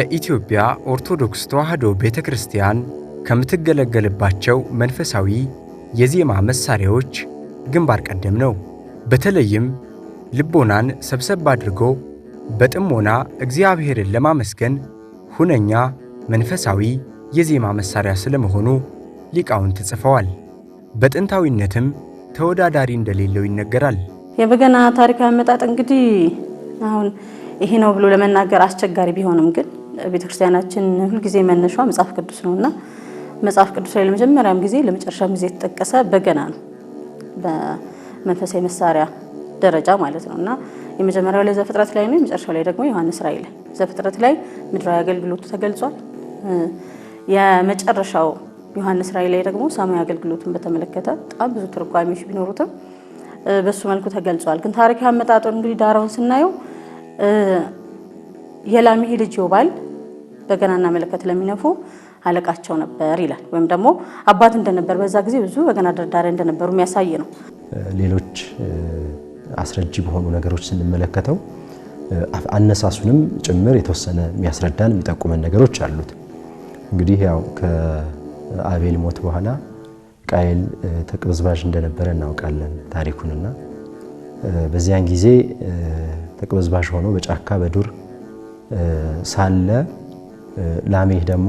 የኢትዮጵያ ኦርቶዶክስ ተዋሕዶ ቤተ ክርስቲያን ከምትገለገልባቸው መንፈሳዊ የዜማ መሳሪያዎች ግንባር ቀደም ነው። በተለይም ልቦናን ሰብሰብ አድርጎ በጥሞና እግዚአብሔርን ለማመስገን ሁነኛ መንፈሳዊ የዜማ መሳሪያ ስለመሆኑ ሊቃውንት ጽፈዋል። በጥንታዊነትም ተወዳዳሪ እንደሌለው ይነገራል። የበገና ታሪካዊ አመጣጥ እንግዲህ አሁን ይሄ ነው ብሎ ለመናገር አስቸጋሪ ቢሆንም ግን ቤተክርስቲያናችን ሁልጊዜ መነሻ መጽሐፍ ቅዱስ ነው እና መጽሐፍ ቅዱስ ላይ ለመጀመሪያም ጊዜ ለመጨረሻም ጊዜ የተጠቀሰ በገና ነው፣ በመንፈሳዊ መሳሪያ ደረጃ ማለት ነው እና የመጀመሪያው ላይ ዘፍጥረት ላይ ነው፣ የመጨረሻው ላይ ደግሞ ዮሐንስ ራእይ ላይ። ዘፍጥረት ላይ ምድራዊ አገልግሎቱ ተገልጿል። የመጨረሻው ዮሐንስ ራእይ ላይ ደግሞ ሰማያዊ አገልግሎቱን በተመለከተ በጣም ብዙ ትርጓሜዎች ቢኖሩትም በሱ መልኩ ተገልጿል። ግን ታሪክ አመጣጡን እንግዲህ ዳራውን ስናየው የላሜህ ልጅ ዮባል በገናና መለከት ለሚነፉ አለቃቸው ነበር ይላል። ወይም ደግሞ አባት እንደነበር በዛ ጊዜ ብዙ በገና ደርዳሪ እንደነበሩ የሚያሳይ ነው። ሌሎች አስረጂ በሆኑ ነገሮች ስንመለከተው አነሳሱንም ጭምር የተወሰነ የሚያስረዳን የሚጠቁመን ነገሮች አሉት። እንግዲህ ያው ከአቤል ሞት በኋላ ቃየል ተቅበዝባዥ እንደነበረ እናውቃለን ታሪኩንና በዚያን ጊዜ ተቅበዝባዥ ሆኖ በጫካ በዱር ሳለ ላሜህ ደግሞ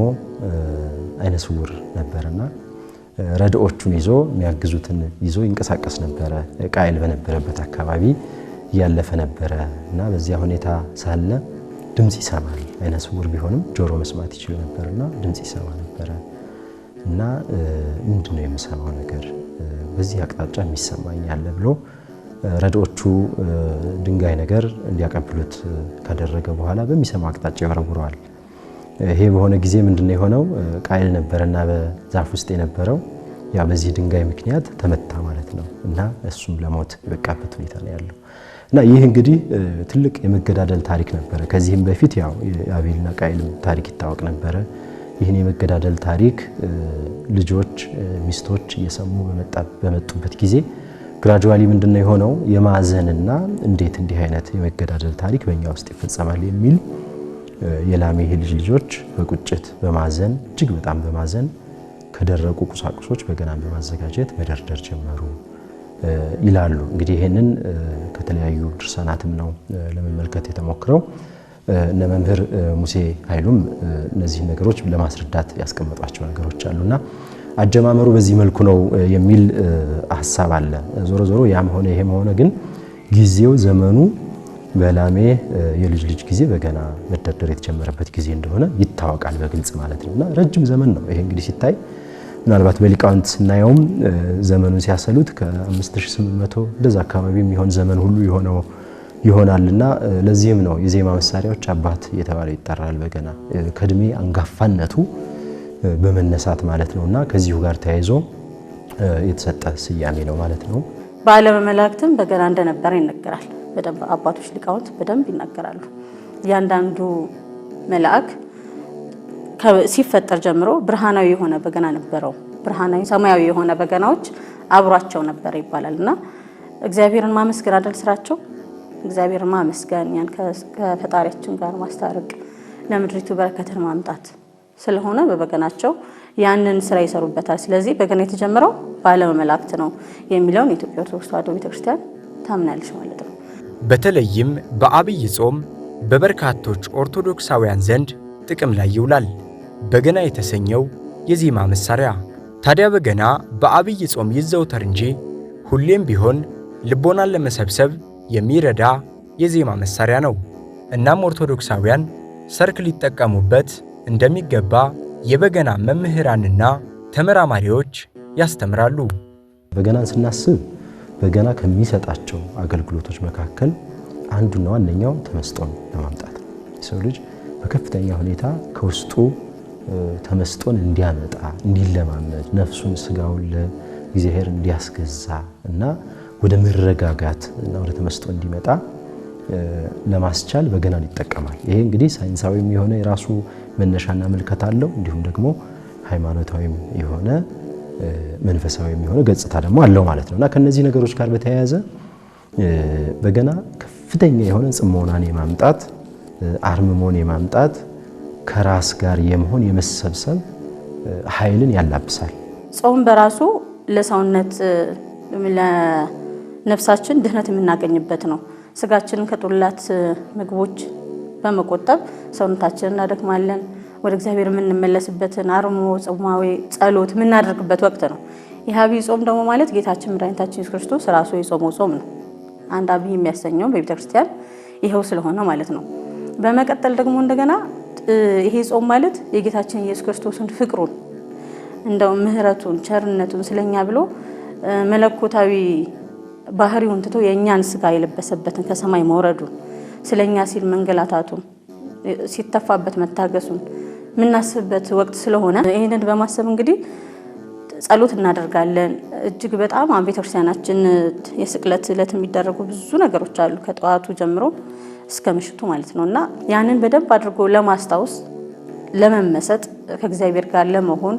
አይነ ስውር ነበርና ረድኦቹን ይዞ የሚያግዙትን ይዞ ይንቀሳቀስ ነበረ። ቃይል በነበረበት አካባቢ እያለፈ ነበረ እና በዚያ ሁኔታ ሳለ ድምፅ ይሰማል። አይነ ስውር ቢሆንም ጆሮ መስማት ይችል ነበርና ድምፅ ይሰማ ነበረ እና ምንድን ነው የምሰማው ነገር በዚህ አቅጣጫ የሚሰማኝ ያለ ብሎ ረድኦቹ ድንጋይ ነገር እንዲያቀብሉት ካደረገ በኋላ በሚሰማው አቅጣጫ ይወረውረዋል። ይሄ በሆነ ጊዜ ምንድነው የሆነው? ቃይል ነበረና በዛፍ ውስጥ የነበረው ያ በዚህ ድንጋይ ምክንያት ተመታ ማለት ነው እና እሱም ለሞት የበቃበት ሁኔታ ነው ያለው እና ይህ እንግዲህ ትልቅ የመገዳደል ታሪክ ነበረ። ከዚህም በፊት ያው የአቤልና ቃይል ታሪክ ይታወቅ ነበረ። ይህን የመገዳደል ታሪክ ልጆች፣ ሚስቶች እየሰሙ በመጡበት ጊዜ ግራጁዋሊ ምንድነው የሆነው የማዘንና እንዴት እንዲህ አይነት የመገዳደል ታሪክ በእኛ ውስጥ ይፈጸማል የሚል የላሜሄ ልጅ ልጆች በቁጭት በማዘን እጅግ በጣም በማዘን ከደረቁ ቁሳቁሶች በገና በማዘጋጀት መደርደር ጀመሩ ይላሉ። እንግዲህ ይህንን ከተለያዩ ድርሳናትም ነው ለመመልከት የተሞክረው። እነ መምህር ሙሴ ኃይሉም እነዚህ ነገሮች ለማስረዳት ያስቀመጧቸው ነገሮች አሉና አጀማመሩ በዚህ መልኩ ነው የሚል ሀሳብ አለ። ዞሮ ዞሮ ያም ሆነ ይሄም ሆነ ግን ጊዜው ዘመኑ በላሜ የልጅ ልጅ ጊዜ በገና መደርደር የተጀመረበት ጊዜ እንደሆነ ይታወቃል በግልጽ ማለት ነው። እና ረጅም ዘመን ነው ይሄ እንግዲህ ሲታይ ምናልባት በሊቃውንት ስናየውም ዘመኑን ሲያሰሉት ከ5800 እንደዛ አካባቢ የሚሆን ዘመን ሁሉ የሆነው እና ለዚህም ነው የዜማ መሳሪያዎች አባት እየተባለ ይጠራል። በገና ከእድሜ አንጋፋነቱ በመነሳት ማለት ነው እና ከዚሁ ጋር ተያይዞ የተሰጠ ስያሜ ነው ማለት ነው። በዓለመ መላእክትም በገና እንደነበረ ይነገራል። በደንብ አባቶች ሊቃውንት በደንብ ይናገራሉ። እያንዳንዱ መልአክ ሲፈጠር ጀምሮ ብርሃናዊ የሆነ በገና ነበረው። ብርሃናዊ ሰማያዊ የሆነ በገናዎች አብሯቸው ነበረ ይባላል እና እግዚአብሔርን ማመስገን አይደል ስራቸው። እግዚአብሔርን ማመስገን ያን ከፈጣሪያችን ጋር ማስታረቅ ለምድሪቱ በረከትን ማምጣት ስለሆነ በበገናቸው ያንን ስራ ይሰሩበታል። ስለዚህ በገና የተጀመረው በዓለመ መላእክት ነው የሚለውን የኢትዮጵያ ኦርቶዶክስ ተዋሕዶ ቤተክርስቲያን ታምናለች ማለት ነው። በተለይም በአብይ ጾም በበርካቶች ኦርቶዶክሳውያን ዘንድ ጥቅም ላይ ይውላል። በገና የተሰኘው የዜማ መሳሪያ ታዲያ በገና በአብይ ጾም ይዘውተር እንጂ ሁሌም ቢሆን ልቦናን ለመሰብሰብ የሚረዳ የዜማ መሳሪያ ነው። እናም ኦርቶዶክሳውያን ሰርክ ሊጠቀሙበት እንደሚገባ የበገና መምህራንና ተመራማሪዎች ያስተምራሉ። በገናን ስናስብ በገና ከሚሰጣቸው አገልግሎቶች መካከል አንዱና ዋነኛው ተመስጦን ለማምጣት የሰው ልጅ በከፍተኛ ሁኔታ ከውስጡ ተመስጦን እንዲያመጣ እንዲለማመድ፣ ነፍሱን ስጋውን ለእግዚአብሔር እንዲያስገዛ እና ወደ መረጋጋት እና ወደ ተመስጦ እንዲመጣ ለማስቻል በገናን ይጠቀማል። ይሄ እንግዲህ ሳይንሳዊም የሆነ የራሱ መነሻና ምልከት አለው እንዲሁም ደግሞ ሃይማኖታዊም የሆነ መንፈሳዊ የሚሆነ ገጽታ ደግሞ አለው ማለት ነው እና ከነዚህ ነገሮች ጋር በተያያዘ በገና ከፍተኛ የሆነ ጽሞናን የማምጣት አርምሞን የማምጣት ከራስ ጋር የመሆን የመሰብሰብ ኃይልን ያላብሳል። ጾም በራሱ ለሰውነት ለነፍሳችን ድህነት የምናገኝበት ነው። ስጋችንን ከጦላት ምግቦች በመቆጠብ ሰውነታችንን እናደክማለን። ወደ እግዚአብሔር የምንመለስበትን አርሞ ጾማዊ ጸሎት የምናደርግበት ወቅት ነው። የዐቢይ ጾም ደግሞ ማለት ጌታችን መድኃኒታችን ኢየሱስ ክርስቶስ ራሱ የጾመው ጾም ነው። አንድ አብይ የሚያሰኘው በቤተ ክርስቲያን ይኸው ስለሆነ ማለት ነው። በመቀጠል ደግሞ እንደገና ይሄ ጾም ማለት የጌታችን ኢየሱስ ክርስቶስን ፍቅሩን፣ እንደው ምሕረቱን፣ ቸርነቱን ስለኛ ብሎ መለኮታዊ ባህሪውን ትቶ የእኛን ስጋ የለበሰበትን ከሰማይ መውረዱን ስለኛ ሲል መንገላታቱን ሲተፋበት መታገሱን የምናስብበት ወቅት ስለሆነ ይህንን በማሰብ እንግዲህ ጸሎት እናደርጋለን። እጅግ በጣም ቤተክርስቲያናችን የስቅለት ዕለት የሚደረጉ ብዙ ነገሮች አሉ ከጠዋቱ ጀምሮ እስከ ምሽቱ ማለት ነው እና ያንን በደንብ አድርጎ ለማስታወስ ለመመሰጥ ከእግዚአብሔር ጋር ለመሆን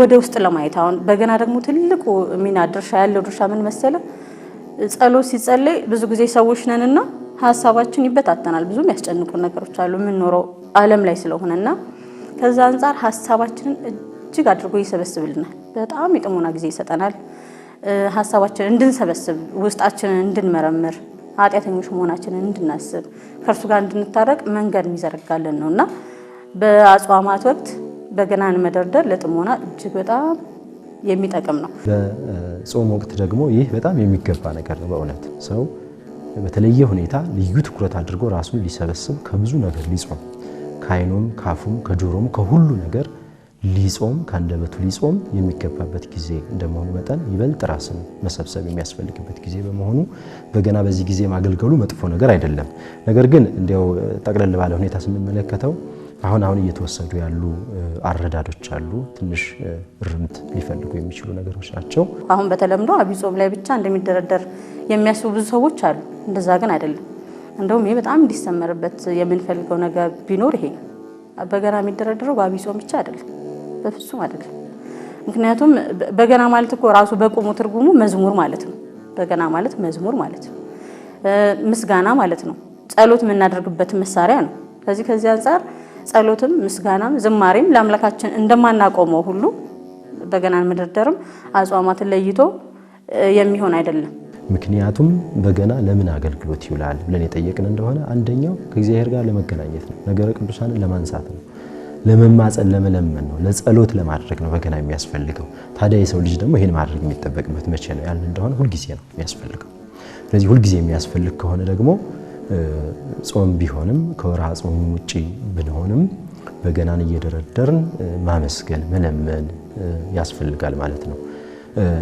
ወደ ውስጥ ለማየት አሁን በገና ደግሞ ትልቁ ሚና ድርሻ ያለው ድርሻ ምን መሰለ፣ ጸሎት ሲጸለይ ብዙ ጊዜ ሰዎች ነንና ሀሳባችን ይበታተናል። ብዙም ያስጨንቁን ነገሮች አሉ የምንኖረው ዓለም ላይ ስለሆነና ከዛ አንጻር ሀሳባችንን እጅግ አድርጎ ይሰበስብልናል። በጣም የጥሞና ጊዜ ይሰጠናል። ሀሳባችንን እንድንሰበስብ፣ ውስጣችንን እንድንመረምር፣ ኃጢአተኞች መሆናችንን እንድናስብ፣ ከእርሱ ጋር እንድንታረቅ መንገድ የሚዘረጋልን ነው እና በአጽዋማት ወቅት በገናን መደርደር ለጥሞና እጅግ በጣም የሚጠቅም ነው። በጾም ወቅት ደግሞ ይህ በጣም የሚገባ ነገር ነው። በእውነት ሰው በተለየ ሁኔታ ልዩ ትኩረት አድርጎ ራሱን ሊሰበስብ ከብዙ ነገር ሊጾም ከአይኑም ካፉም ከጆሮም ከሁሉ ነገር ሊጾም ከአንደበቱ ሊጾም የሚገባበት ጊዜ እንደመሆኑ መጠን ይበልጥ ራስን መሰብሰብ የሚያስፈልግበት ጊዜ በመሆኑ በገና በዚህ ጊዜ ማገልገሉ መጥፎ ነገር አይደለም። ነገር ግን እንዲያው ጠቅለል ባለ ሁኔታ ስንመለከተው አሁን አሁን እየተወሰዱ ያሉ አረዳዶች አሉ። ትንሽ እርምት ሊፈልጉ የሚችሉ ነገሮች ናቸው። አሁን በተለምዶ አብይ ጾም ላይ ብቻ እንደሚደረደር የሚያስቡ ብዙ ሰዎች አሉ። እንደዛ ግን አይደለም። እንደውም ይሄ በጣም እንዲሰመርበት የምንፈልገው ነገር ቢኖር ይሄ በገና የሚደረደረው በአብይ ጾም ብቻ አይደለም፣ በፍጹም አይደለም። ምክንያቱም በገና ማለት እኮ ራሱ በቁሙ ትርጉሙ መዝሙር ማለት ነው። በገና ማለት መዝሙር ማለት ነው፣ ምስጋና ማለት ነው፣ ጸሎት የምናደርግበት መሳሪያ ነው። ከዚህ ከዚህ አንጻር ጸሎትም ምስጋናም ዝማሬም ለአምላካችን እንደማናቆመው ሁሉ በገናን መደርደርም አጽዋማትን ለይቶ የሚሆን አይደለም። ምክንያቱም በገና ለምን አገልግሎት ይውላል ብለን የጠየቅን እንደሆነ አንደኛው ከእግዚአብሔር ጋር ለመገናኘት ነው፣ ነገረ ቅዱሳንን ለማንሳት ነው፣ ለመማፀን ለመለመን ነው፣ ለጸሎት ለማድረግ ነው በገና የሚያስፈልገው። ታዲያ የሰው ልጅ ደግሞ ይህን ማድረግ የሚጠበቅበት መቼ ነው ያልን እንደሆነ ሁልጊዜ ነው የሚያስፈልገው። ስለዚህ ሁልጊዜ የሚያስፈልግ ከሆነ ደግሞ ጾም ቢሆንም ከወርሃ ጾም ውጪ ብንሆንም በገናን እየደረደርን ማመስገን መለመን ያስፈልጋል ማለት ነው።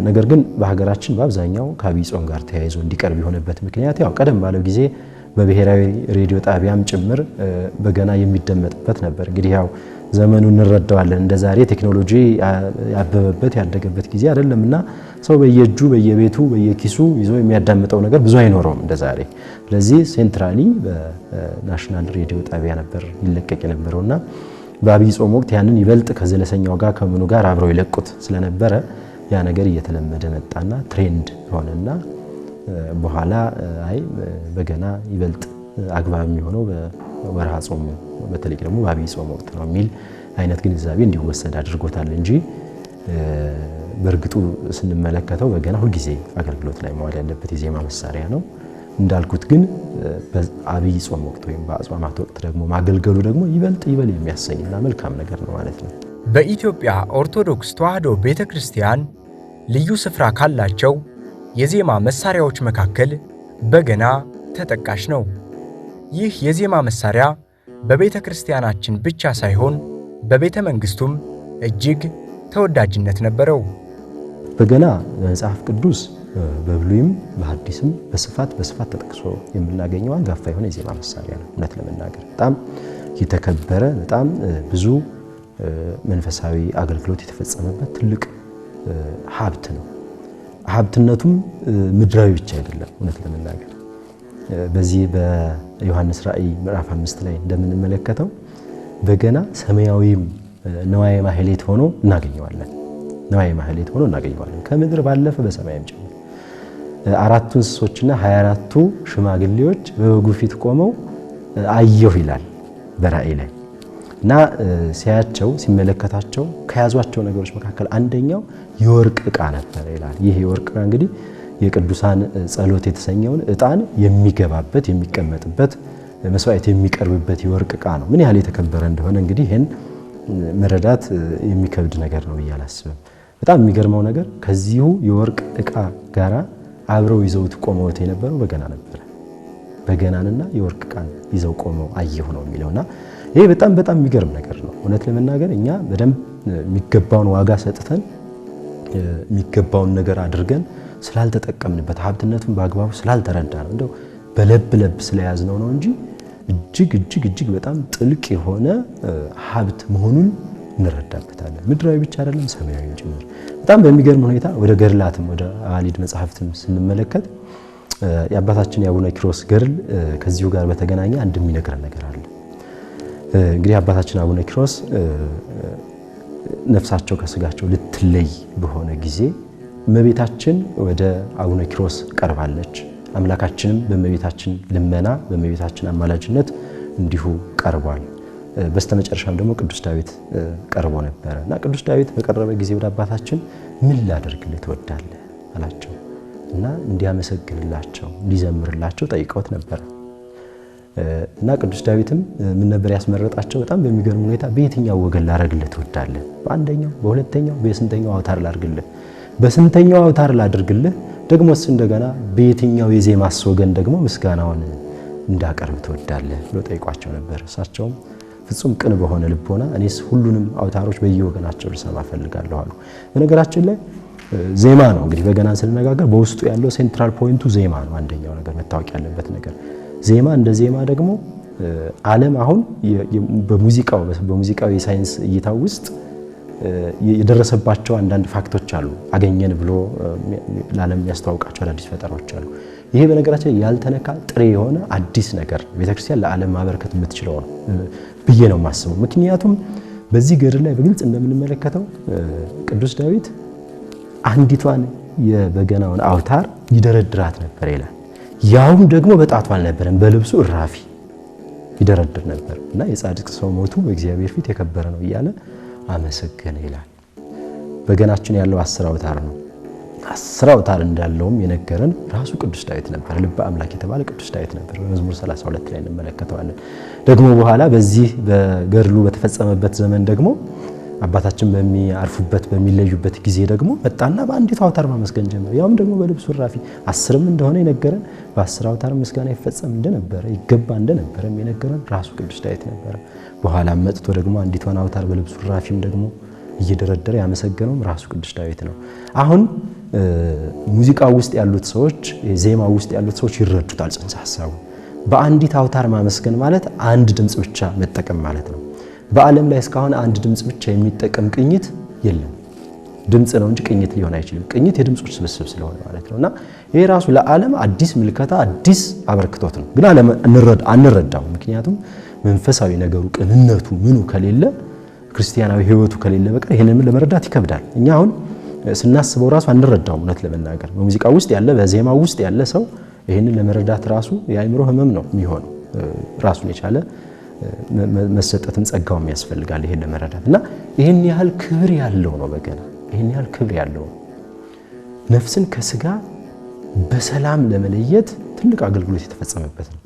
ነገር ግን በሀገራችን በአብዛኛው ከአብይ ጾም ጋር ተያይዞ እንዲቀርብ የሆነበት ምክንያት ያው ቀደም ባለው ጊዜ በብሔራዊ ሬዲዮ ጣቢያም ጭምር በገና የሚደመጥበት ነበር። እንግዲህ ያው ዘመኑ እንረዳዋለን። እንደ ዛሬ ቴክኖሎጂ ያበበበት ያደገበት ጊዜ አይደለም እና ሰው በየእጁ በየቤቱ በየኪሱ ይዞ የሚያዳምጠው ነገር ብዙ አይኖረውም እንደ ዛሬ። ስለዚህ ሴንትራሊ በናሽናል ሬዲዮ ጣቢያ ነበር ይለቀቅ የነበረው እና በአብይ ጾም ወቅት ያንን ይበልጥ ከዘለሰኛው ጋር ከምኑ ጋር አብረው ይለቁት ስለነበረ ያ ነገር እየተለመደ መጣና ትሬንድ ሆነና በኋላ አይ በገና ይበልጥ አግባብ የሚሆነው በወርሃ ጾም በተለይ ደግሞ በአብይ ጾም ወቅት ነው የሚል አይነት ግንዛቤ እንዲወሰድ አድርጎታል እንጂ በእርግጡ ስንመለከተው በገና ሁልጊዜ አገልግሎት ላይ መዋል ያለበት የዜማ መሳሪያ ነው። እንዳልኩት ግን በአብይ ጾም ወቅት ወይም በአጽዋማት ወቅት ደግሞ ማገልገሉ ደግሞ ይበልጥ ይበል የሚያሰኝና መልካም ነገር ነው ማለት ነው። በኢትዮጵያ ኦርቶዶክስ ተዋሕዶ ቤተ ክርስቲያን ልዩ ስፍራ ካላቸው የዜማ መሳሪያዎች መካከል በገና ተጠቃሽ ነው። ይህ የዜማ መሳሪያ በቤተ ክርስቲያናችን ብቻ ሳይሆን በቤተ መንግስቱም እጅግ ተወዳጅነት ነበረው። በገና መጽሐፍ ቅዱስ በብሉይም በሐዲስም በስፋት በስፋት ተጠቅሶ የምናገኘው አንጋፋ የሆነ የዜማ መሳሪያ ነው። እውነት ለመናገር በጣም የተከበረ በጣም ብዙ መንፈሳዊ አገልግሎት የተፈጸመበት ትልቅ ሀብት ነው። ሀብትነቱም ምድራዊ ብቻ አይደለም። እውነት ለመናገር በዚህ በዮሐንስ ራእይ ምዕራፍ አምስት ላይ እንደምንመለከተው በገና ሰማያዊም ነዋየ ማህሌት ሆኖ እናገኘዋለን። ነዋየ ማህሌት ሆኖ እናገኘዋለን ከምድር ባለፈ በሰማይም ጭምር አራቱ እንስሶችና ሀያ አራቱ ሽማግሌዎች በበጉ ፊት ቆመው አየሁ ይላል በራእይ ላይ እና ሲያያቸው ሲመለከታቸው ከያዟቸው ነገሮች መካከል አንደኛው የወርቅ ዕቃ ነበር ይላል። ይህ የወርቅ ዕቃ እንግዲህ የቅዱሳን ጸሎት የተሰኘውን ዕጣን የሚገባበት የሚቀመጥበት መስዋዕት የሚቀርብበት የወርቅ ዕቃ ነው። ምን ያህል የተከበረ እንደሆነ እንግዲህ ይህን መረዳት የሚከብድ ነገር ነው ብዬ አላስብም። በጣም የሚገርመው ነገር ከዚሁ የወርቅ ዕቃ ጋራ አብረው ይዘውት ቆመውት የነበረው በገና ነበረ። በገናንና የወርቅ ዕቃን ይዘው ቆመው አየሁ ነው የሚለውና ይሄ በጣም በጣም የሚገርም ነገር ነው። እውነት ለመናገር እኛ በደንብ የሚገባውን ዋጋ ሰጥተን የሚገባውን ነገር አድርገን ስላልተጠቀምንበት ሀብትነቱን በአግባቡ ስላልተረዳ ነው እንደው በለብ ለብ ስለያዝነው ነው እንጂ እጅግ እጅግ እጅግ በጣም ጥልቅ የሆነ ሀብት መሆኑን እንረዳበታለን። ምድራዊ ብቻ አይደለም ሰማያዊ ጭምር። በጣም በሚገርም ሁኔታ ወደ ገድላትም ወደ አዋሊድ መጽሐፍትም ስንመለከት የአባታችን የአቡነ ኪሮስ ገድል ከዚሁ ጋር በተገናኘ አንድ የሚነግረን ነገር አለ። እንግዲህ አባታችን አቡነ ኪሮስ ነፍሳቸው ከስጋቸው ልትለይ በሆነ ጊዜ እመቤታችን ወደ አቡነ ኪሮስ ቀርባለች። አምላካችንም በእመቤታችን ልመና በእመቤታችን አማላጅነት እንዲሁ ቀርቧል። በስተመጨረሻም ደግሞ ቅዱስ ዳዊት ቀርቦ ነበረ እና ቅዱስ ዳዊት በቀረበ ጊዜ ወደ አባታችን ምን ላደርግልህ ትወዳለህ አላቸው እና እንዲያመሰግንላቸው እንዲዘምርላቸው ጠይቀውት ነበረ። እና ቅዱስ ዳዊትም ምን ነበር ያስመረጣቸው? በጣም በሚገርም ሁኔታ በየትኛው ወገን ላረግልህ ትወዳለህ? በአንደኛው፣ በሁለተኛው፣ በስንተኛው አውታር ላድርግልህ? በስንተኛው አውታር ላድርግልህ? ደግሞስ እንደገና በየትኛው የዜማስ ወገን ደግሞ ምስጋናውን እንዳቀርብ ትወዳለህ ብሎ ጠይቋቸው ነበር። እሳቸውም ፍጹም ቅን በሆነ ልቦና እኔስ ሁሉንም አውታሮች በየወገናቸው ልሰማ ፈልጋለሁ አሉ። በነገራችን ላይ ዜማ ነው እንግዲህ በገናን ስንነጋገር በውስጡ ያለው ሴንትራል ፖይንቱ ዜማ ነው። አንደኛው ነገር መታወቅ ያለበት ነገር ዜማ እንደ ዜማ ደግሞ ዓለም አሁን በሙዚቃው በሙዚቃው የሳይንስ እይታ ውስጥ የደረሰባቸው አንዳንድ ፋክቶች አሉ። አገኘን ብሎ ለዓለም የሚያስተዋውቃቸው አዳዲስ ፈጠራዎች አሉ። ይሄ በነገራችን ያልተነካ ጥሬ የሆነ አዲስ ነገር ቤተክርስቲያን ለዓለም ማበረከት የምትችለው ነው ብዬ ነው የማስበው። ምክንያቱም በዚህ ገድል ላይ በግልጽ እንደምንመለከተው ቅዱስ ዳዊት አንዲቷን የበገናውን አውታር ይደረድራት ነበር ይላል። ያውም ደግሞ በጣቱ አልነበረም፣ በልብሱ እራፊ ይደረድር ነበር እና የጻድቅ ሰው ሞቱ በእግዚአብሔር ፊት የከበረ ነው እያለ አመሰገነ ይላል። በገናችን ያለው አስር አውታር ነው። አስር አውታር እንዳለውም የነገረን ራሱ ቅዱስ ዳዊት ነበር። ልበ አምላክ የተባለ ቅዱስ ዳዊት ነበር። በመዝሙር 32 ላይ እንመለከተዋለን። ደግሞ በኋላ በዚህ በገድሉ በተፈጸመበት ዘመን ደግሞ አባታችን በሚያርፉበት በሚለዩበት ጊዜ ደግሞ መጣና በአንዲቱ አውታር ማመስገን ጀመረ። ያውም ደግሞ በልብሱ ራፊ አስርም እንደሆነ የነገረን በአስር አውታር ምስጋና ይፈጸም እንደነበረ ይገባ እንደነበረም የነገረን ራሱ ቅዱስ ዳዊት ነበረ። በኋላም መጥቶ ደግሞ አንዲቷን አውታር በልብሱ ራፊም ደግሞ እየደረደረ ያመሰገነውም ራሱ ቅዱስ ዳዊት ነው። አሁን ሙዚቃ ውስጥ ያሉት ሰዎች፣ ዜማ ውስጥ ያሉት ሰዎች ይረዱታል ጽንሰ ሀሳቡ። በአንዲት አውታር ማመስገን ማለት አንድ ድምፅ ብቻ መጠቀም ማለት ነው። በዓለም ላይ እስካሁን አንድ ድምፅ ብቻ የሚጠቀም ቅኝት የለም። ድምፅ ነው እንጂ ቅኝት ሊሆን አይችልም። ቅኝት የድምፆች ስብስብ ስለሆነ ማለት ነው እና ይሄ ራሱ ለዓለም አዲስ ምልከታ፣ አዲስ አበርክቶት ነው። ግን ዓለም አንረዳው። ምክንያቱም መንፈሳዊ ነገሩ ቅንነቱ፣ ምኑ ከሌለ ክርስቲያናዊ ሕይወቱ ከሌለ በቀር ይህንን ለመረዳት ይከብዳል። እኛ አሁን ስናስበው ራሱ አንረዳው። እውነት ለመናገር በሙዚቃ ውስጥ ያለ በዜማ ውስጥ ያለ ሰው ይህንን ለመረዳት ራሱ የአእምሮ ህመም ነው የሚሆነው ራሱን የቻለ መሰጠትን ጸጋውም ያስፈልጋል። ይሄን ለመረዳት እና ይህን ያህል ክብር ያለው ነው በገና ይህን ያህል ክብር ያለው ነው። ነፍስን ከስጋ በሰላም ለመለየት ትልቅ አገልግሎት የተፈጸመበት ነው።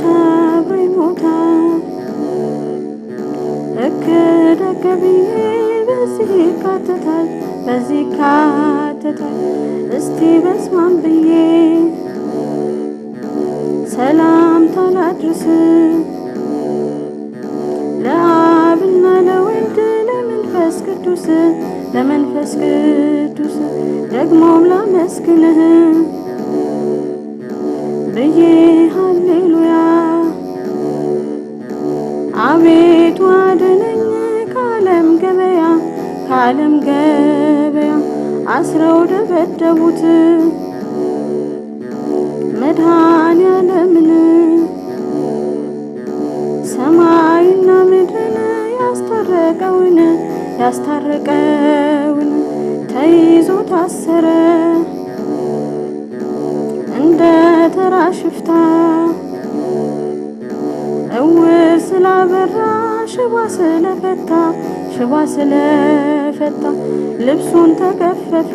ቻብሬ ሞታ እቅድ አገቢ በዚህ ይካተታል በዚህ ይካተታል እስቲ በስማም ብዬ ሰላምታ ላድርስ ለአብና ለወልድ ለመንፈስ ቅዱስ ለመንፈስ ቅዱስ ደግሞም ላመስግንህ ብዬ በዓለም ገበያ አስረው ደበደቡት። መድኃኔ ዓለምን ሰማይና ምድርን ያስታረቀውን ያስታረቀውን ተይዞ ታሰረ እንደ ተራ ሽፍታ እውር ስላበራ ሽባ ስለፈታ ሽባ ስለ ተፈታ፣ ልብሱን ተገፈፈ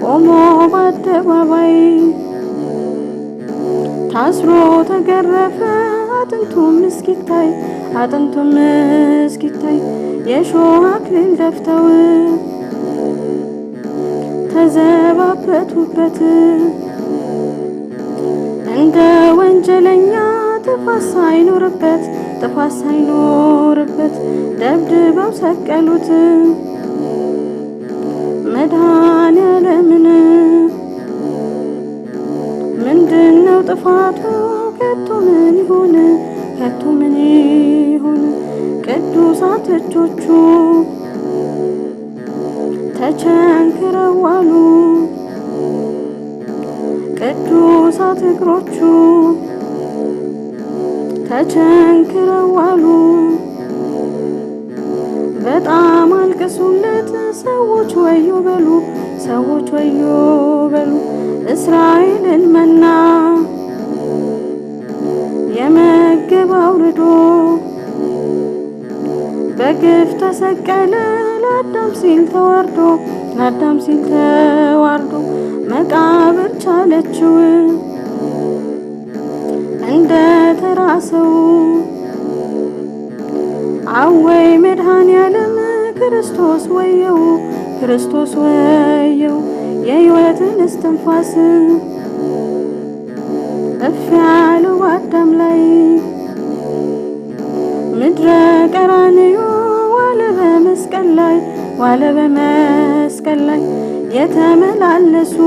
ቆሞ በአደባባይ ታስሮ ተገረፈ። አጥንቱም እስኪታይ አጥንቱም እስኪታይ የሾህ አክሊል ደፍተው ተዘባበቱበት እንደ ወንጀለኛ ጥፋት ሳይኖርበት ጥፋት ሳይኖርበት ደብድበው ሰቀሉት። መድኃኔ ዓለምን ምንድነው ጥፋቱ? ከቶ ምን ይሆን? ከቶ ምን ይሆን? ቅዱሳት እጆቹ ተቸንክረው ዋሉ። ቅዱሳት እግሮቹ ተቸንክረው ዋሉ። በጣም አልቅሱለት ሰዎች ወዮ በሉ፣ ሰዎች ወዮ በሉ። እስራኤልን መና የመገብ አውርዶ በግፍ ተሰቀለ ለአዳም ሲል ተዋርዶ ለአዳም ሲል ተዋርዶ መቃብር ቻለችው እንደ ተራ ሰው አወይ መድኃኔ ዓለም ክርስቶስ ወየው ክርስቶስ ወየው የሕይወትን እስትንፋስ እፍ ያለው አዳም ላይ ምድረ ቀራንዮ ዋለ በመስቀል ላይ ዋለ በመስቀል ላይ የተመላለሱ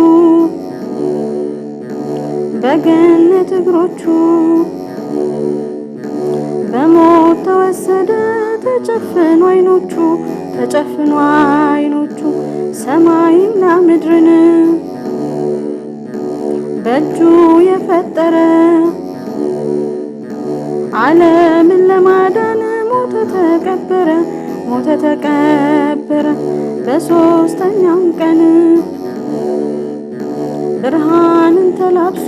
በገነት እግሮቹ በሞት ተወሰደ ተጨፍኖ አይኖቹ ተጨፍኖ አይኖቹ ሰማይና ምድርን በእጁ የፈጠረ ዓለምን ለማዳን ሞተ ተቀበረ ሞተ ተቀበረ በሶስተኛው ቀን ብርሃንን ተላብሶ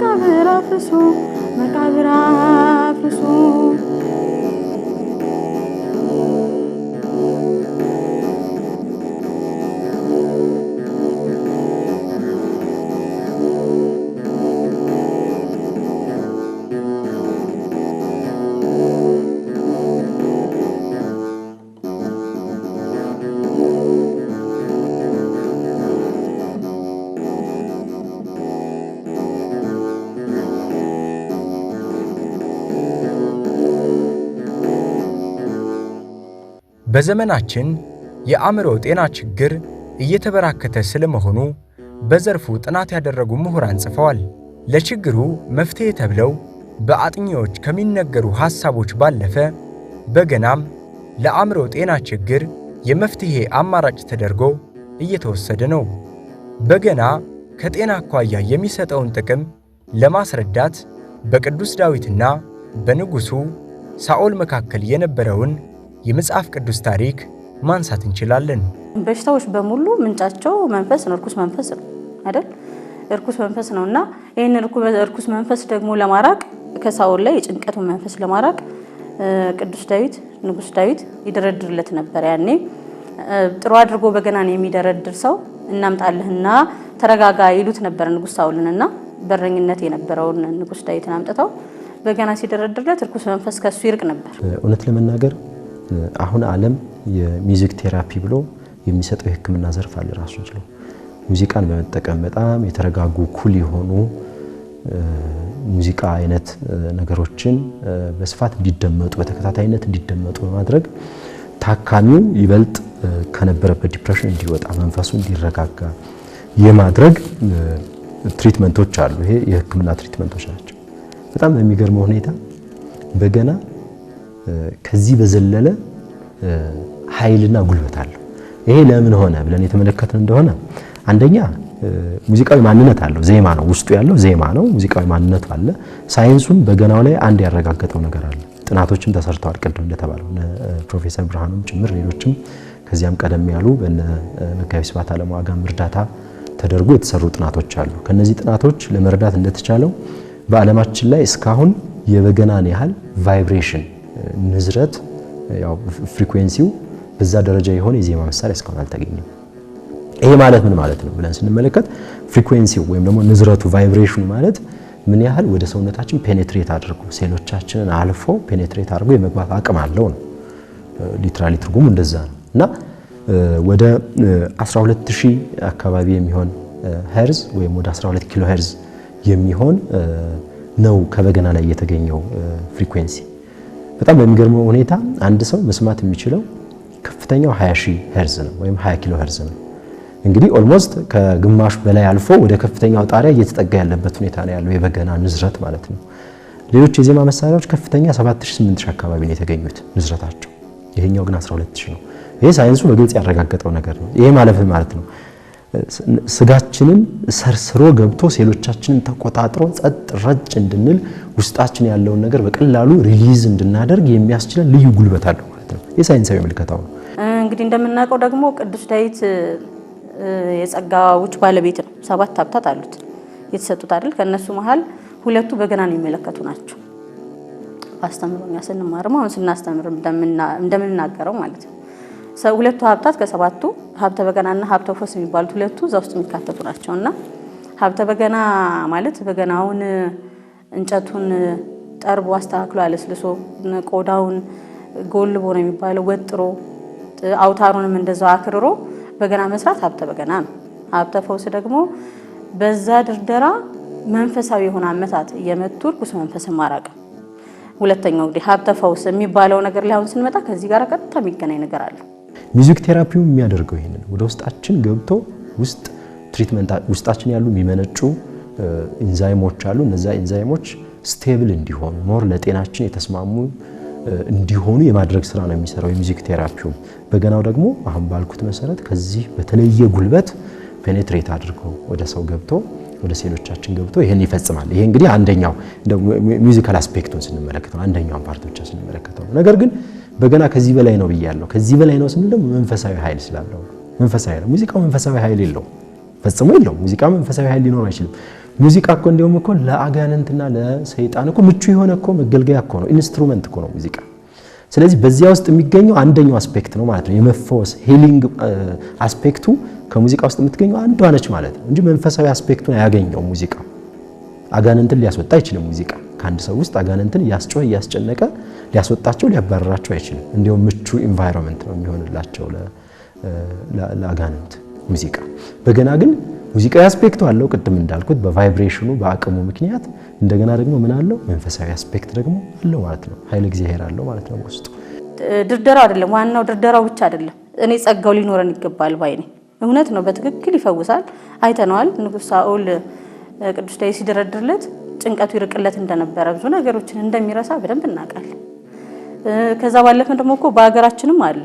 mercadeira aflição, a aflição. በዘመናችን የአእምሮ ጤና ችግር እየተበራከተ ስለመሆኑ በዘርፉ ጥናት ያደረጉ ምሁራን ጽፈዋል። ለችግሩ መፍትሄ ተብለው በአጥኚዎች ከሚነገሩ ሐሳቦች ባለፈ በገናም ለአእምሮ ጤና ችግር የመፍትሄ አማራጭ ተደርጎ እየተወሰደ ነው። በገና ከጤና አኳያ የሚሰጠውን ጥቅም ለማስረዳት በቅዱስ ዳዊትና በንጉሡ ሳኦል መካከል የነበረውን የመጽሐፍ ቅዱስ ታሪክ ማንሳት እንችላለን። በሽታዎች በሙሉ ምንጫቸው መንፈስ ነው፣ እርኩስ መንፈስ ነው አይደል? እርኩስ መንፈስ ነው እና ይህን እርኩስ መንፈስ ደግሞ ለማራቅ ከሳውል ላይ የጭንቀቱን መንፈስ ለማራቅ ቅዱስ ዳዊት ንጉስ ዳዊት ይደረድርለት ነበር። ያኔ ጥሩ አድርጎ በገናን የሚደረድር ሰው እናምጣልህና ተረጋጋ ይሉት ነበር ንጉስ ሳውልንና በረኝነት የነበረውን ንጉስ ዳዊትን አምጥተው በገና ሲደረድርለት እርኩስ መንፈስ ከሱ ይርቅ ነበር። እውነት ለመናገር አሁን ዓለም የሚዚክ ቴራፒ ብሎ የሚሰጠው የሕክምና ዘርፍ አለ ራሱን ችሎ ሙዚቃን በመጠቀም በጣም የተረጋጉ ኩል የሆኑ ሙዚቃ አይነት ነገሮችን በስፋት እንዲደመጡ በተከታታይነት እንዲደመጡ በማድረግ ታካሚው ይበልጥ ከነበረበት ዲፕሬሽን እንዲወጣ መንፈሱ እንዲረጋጋ የማድረግ ትሪትመንቶች አሉ። ይሄ የህክምና ትሪትመንቶች ናቸው። በጣም በሚገርመው ሁኔታ በገና ከዚህ በዘለለ ኃይልና ጉልበት አለው። ይሄ ለምን ሆነ ብለን የተመለከትን እንደሆነ አንደኛ ሙዚቃዊ ማንነት አለው። ዜማ ነው ውስጡ ያለው ዜማ ነው። ሙዚቃዊ ማንነቱ አለ። ሳይንሱም በገናው ላይ አንድ ያረጋገጠው ነገር አለ። ጥናቶችም ተሰርተዋል። ቅድም እንደተባለው ፕሮፌሰር ብርሃኑም ጭምር ሌሎችም ከዚያም ቀደም ያሉ በነ መጋቢ ስብሐት አለማዋጋም እርዳታ ተደርጎ የተሰሩ ጥናቶች አሉ። ከነዚህ ጥናቶች ለመረዳት እንደተቻለው በዓለማችን ላይ እስካሁን የበገናን ያህል ቫይብሬሽን ንዝረት ያው ፍሪኩዌንሲው በዛ ደረጃ የሆነ የዜማ መሳሪያ እስካሁን አልተገኘም። ይሄ ማለት ምን ማለት ነው ብለን ስንመለከት ፍሪኩዌንሲው ወይም ደግሞ ንዝረቱ ቫይብሬሽኑ ማለት ምን ያህል ወደ ሰውነታችን ፔኔትሬት አድርጎ ሴሎቻችንን አልፎ ፔኔትሬት አድርጎ የመግባት አቅም አለው ነው። ሊትራሊ ትርጉሙ እንደዛ ነው እና ወደ 12000 አካባቢ የሚሆን ሄርዝ ወይም ወደ 12 ኪሎ ሄርዝ የሚሆን ነው ከበገና ላይ የተገኘው ፍሪኩዌንሲ። በጣም በሚገርመው ሁኔታ አንድ ሰው መስማት የሚችለው ከፍተኛው 20 ሄርዝ ነው ወይም 20 ኪሎ ሄርዝ ነው። እንግዲህ ኦልሞስት ከግማሽ በላይ አልፎ ወደ ከፍተኛው ጣሪያ እየተጠጋ ያለበት ሁኔታ ነው ያለው የበገና ንዝረት ማለት ነው። ሌሎች የዜማ መሳሪያዎች ከፍተኛ 7800 አካባቢ ነው የተገኙት ንዝረታቸው፣ ይሄኛው ግን 12000 ነው። ይሄ ሳይንሱ በግልጽ ያረጋገጠው ነገር ነው። ይሄ ማለፍ ማለት ነው ስጋችንን ሰርስሮ ገብቶ ሴሎቻችንን ተቆጣጥሮ ጸጥ ረጭ እንድንል ውስጣችን ያለውን ነገር በቀላሉ ሪሊዝ እንድናደርግ የሚያስችለን ልዩ ጉልበት አለው ማለት ነው። የሳይንሳዊ ምልከታው ነው። እንግዲህ እንደምናውቀው ደግሞ ቅዱስ ዳዊት የጸጋዎች ባለቤት ነው። ሰባት ሀብታት አሉት የተሰጡት አይደል? ከእነሱ መሀል ሁለቱ በገናን የሚመለከቱ ናቸው። አስተምሮኛ ስንማርም አሁን ስናስተምር እንደምንናገረው ማለት ነው ሁለቱ ሀብታት ከሰባቱ ሀብተ በገናና ሀብተ ፈውስ የሚባሉት ሁለቱ እዛ ውስጥ የሚካተቱ ናቸው እና ሀብተ በገና ማለት በገናውን እንጨቱን ጠርቦ አስተካክሎ አለስልሶ ቆዳውን ጎልቦ ነው የሚባለው ወጥሮ አውታሩንም እንደዛው አክርሮ በገና መስራት ሀብተ በገና ነው። ሀብተ ፈውስ ደግሞ በዛ ድርደራ መንፈሳዊ የሆነ አመታት እየመቱ እርኩስ መንፈስን ማራቅ። ሁለተኛው እንግዲህ ሀብተ ፈውስ የሚባለው ነገር ላይ አሁን ስንመጣ ከዚህ ጋር ቀጥታ የሚገናኝ ነገር አለ። ሚዚክ ቴራፒው የሚያደርገው ይሄንን ወደ ውስጣችን ገብቶ ውስጥ ትሪትመንት ውስጣችን ያሉ የሚመነጩ ኢንዛይሞች አሉ። እነዛ ኢንዛይሞች ስቴብል እንዲሆኑ ሞር ለጤናችን የተስማሙ እንዲሆኑ የማድረግ ስራ ነው የሚሰራው የሚዚክ ቴራፒው። በገናው ደግሞ አሁን ባልኩት መሰረት ከዚህ በተለየ ጉልበት ፔኔትሬት አድርጎ ወደ ሰው ገብቶ ወደ ሴሎቻችን ገብቶ ይህን ይፈጽማል። ይሄ እንግዲህ አንደኛው ሚዚካል አስፔክቱን ስንመለከተው አንደኛውን ፓርት ብቻ ስንመለከተው ነገር ግን በገና ከዚህ በላይ ነው ብያለሁ። ከዚህ በላይ ነው ስንል ደግሞ መንፈሳዊ ኃይል ስላለው መንፈሳዊ ኃይል ሙዚቃው መንፈሳዊ ኃይል የለው ፈጽሞ የለው። ሙዚቃ መንፈሳዊ ኃይል ሊኖር አይችልም። ሙዚቃ እኮ እንዲሁም እኮ ለአጋንንትና ለሰይጣን እኮ ምቹ የሆነ እኮ መገልገያ እኮ ነው፣ ኢንስትሩመንት እኮ ነው ሙዚቃ። ስለዚህ በዚያ ውስጥ የሚገኘው አንደኛው አስፔክት ነው ማለት ነው። የመፈወስ ሂሊንግ አስፔክቱ ከሙዚቃ ውስጥ የምትገኘው አንዷ ነች ማለት ነው እንጂ መንፈሳዊ አስፔክቱን አያገኘው ሙዚቃ። አጋንንትን ሊያስወጣ አይችልም ሙዚቃ ከአንድ ሰው ውስጥ አጋንንትን እያስጮህ እያስጨነቀ ሊያስወጣቸው ሊያባረራቸው አይችልም። እንዲሁም ምቹ ኢንቫይሮንመንት ነው የሚሆንላቸው ለአጋንንት ሙዚቃ። በገና ግን ሙዚቃዊ አስፔክቱ አለው ቅድም እንዳልኩት በቫይብሬሽኑ በአቅሙ ምክንያት። እንደገና ደግሞ ምን አለው መንፈሳዊ አስፔክት ደግሞ አለው ማለት ነው። ኃይለ እግዚአብሔር አለው ማለት ነው ውስጡ። ድርደራው አይደለም ዋናው፣ ድርደራው ብቻ አይደለም። እኔ ጸጋው ሊኖረን ይገባል ባይ እውነት ነው፣ በትክክል ይፈውሳል። አይተነዋል። ንጉሥ ሳኦል ቅዱስ ዳዊት ሲደረድርለት ጭንቀቱ ይርቅለት እንደነበረ ብዙ ነገሮችን እንደሚረሳ በደንብ እናውቃለን። ከዛ ባለፈ ደግሞ እኮ በሀገራችንም አለ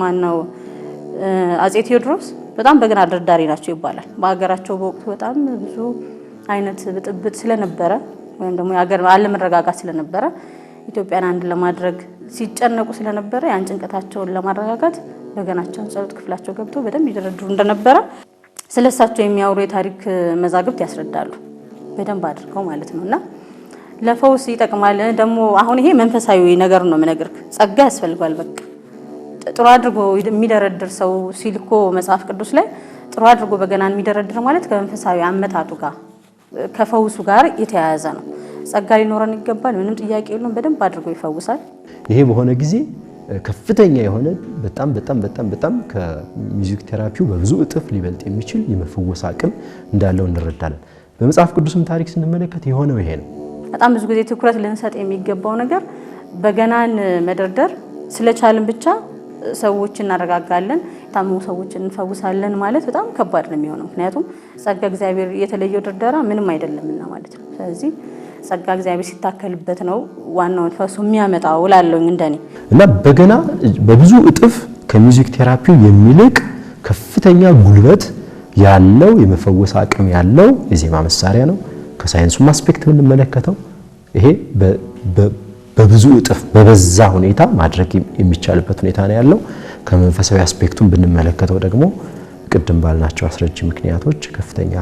ማነው አጼ ቴዎድሮስ በጣም በገና አደርዳሪ ናቸው ይባላል። በሀገራቸው በወቅቱ በጣም ብዙ አይነት ብጥብጥ ስለነበረ ወይም ደግሞ የሀገር አለመረጋጋት ስለነበረ ኢትዮጵያን አንድ ለማድረግ ሲጨነቁ ስለነበረ ያን ጭንቀታቸውን ለማረጋጋት በገናቸውን ጸሎት ክፍላቸው ገብቶ በደንብ ይደረድሩ እንደነበረ ስለሳቸው የሚያወሩ የታሪክ መዛግብት ያስረዳሉ። በደንብ አድርገው ማለት ነው እና ለፈውስ ይጠቅማል። ደግሞ አሁን ይሄ መንፈሳዊ ነገር ነው የምነግርህ። ጸጋ ያስፈልጓል። በቃ ጥሩ አድርጎ የሚደረድር ሰው ሲል እኮ መጽሐፍ ቅዱስ ላይ ጥሩ አድርጎ በገናን የሚደረድር ማለት ከመንፈሳዊ አመታቱ ጋር ከፈውሱ ጋር የተያያዘ ነው። ጸጋ ሊኖረን ይገባል። ምንም ጥያቄ የለውም። በደንብ አድርጎ ይፈውሳል። ይሄ በሆነ ጊዜ ከፍተኛ የሆነ በጣም በጣም በጣም በጣም ከሚዚክ ቴራፒው በብዙ እጥፍ ሊበልጥ የሚችል የመፈወስ አቅም እንዳለው እንረዳለን። በመጽሐፍ ቅዱስም ታሪክ ስንመለከት የሆነው ይሄ ነው። በጣም ብዙ ጊዜ ትኩረት ልንሰጥ የሚገባው ነገር በገናን መደርደር ስለቻልን ብቻ ሰዎች እናረጋጋለን፣ የታመሙ ሰዎች እንፈውሳለን ማለት በጣም ከባድ ነው የሚሆነው። ምክንያቱም ጸጋ እግዚአብሔር የተለየው ድርደራ ምንም አይደለምና ማለት ነው። ስለዚህ ጸጋ እግዚአብሔር ሲታከልበት ነው ዋናውን ፈሱ የሚያመጣው እላለሁ እንደኔ እና በገና በብዙ እጥፍ ከሚውዚክ ቴራፒው የሚልቅ ከፍተኛ ጉልበት ያለው የመፈወስ አቅም ያለው የዜማ መሳሪያ ነው። ከሳይንሱም አስፔክት የምንመለከተው ይሄ በብዙ እጥፍ በበዛ ሁኔታ ማድረግ የሚቻልበት ሁኔታ ነው ያለው። ከመንፈሳዊ አስፔክቱን ብንመለከተው ደግሞ ቅድም ባልናቸው አስረጅ ምክንያቶች ከፍተኛ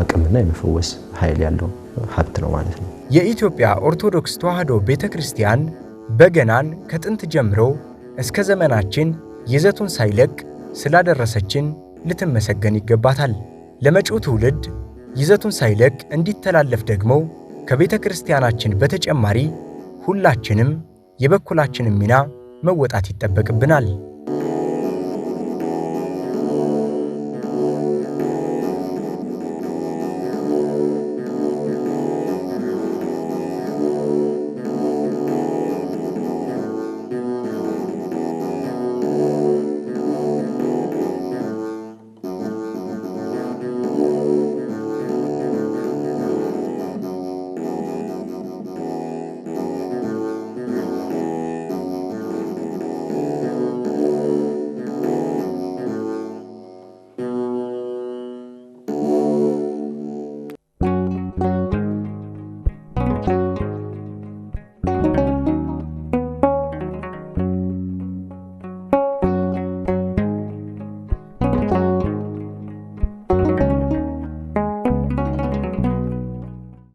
አቅምና የመፈወስ ኃይል ያለው ሀብት ነው ማለት ነው። የኢትዮጵያ ኦርቶዶክስ ተዋሕዶ ቤተ ክርስቲያን በገናን ከጥንት ጀምሮ እስከ ዘመናችን ይዘቱን ሳይለቅ ስላደረሰችን ልትመሰገን ይገባታል። ለመጪው ትውልድ ይዘቱን ሳይለቅ እንዲተላለፍ ደግሞ ከቤተ ክርስቲያናችን በተጨማሪ ሁላችንም የበኩላችንን ሚና መወጣት ይጠበቅብናል።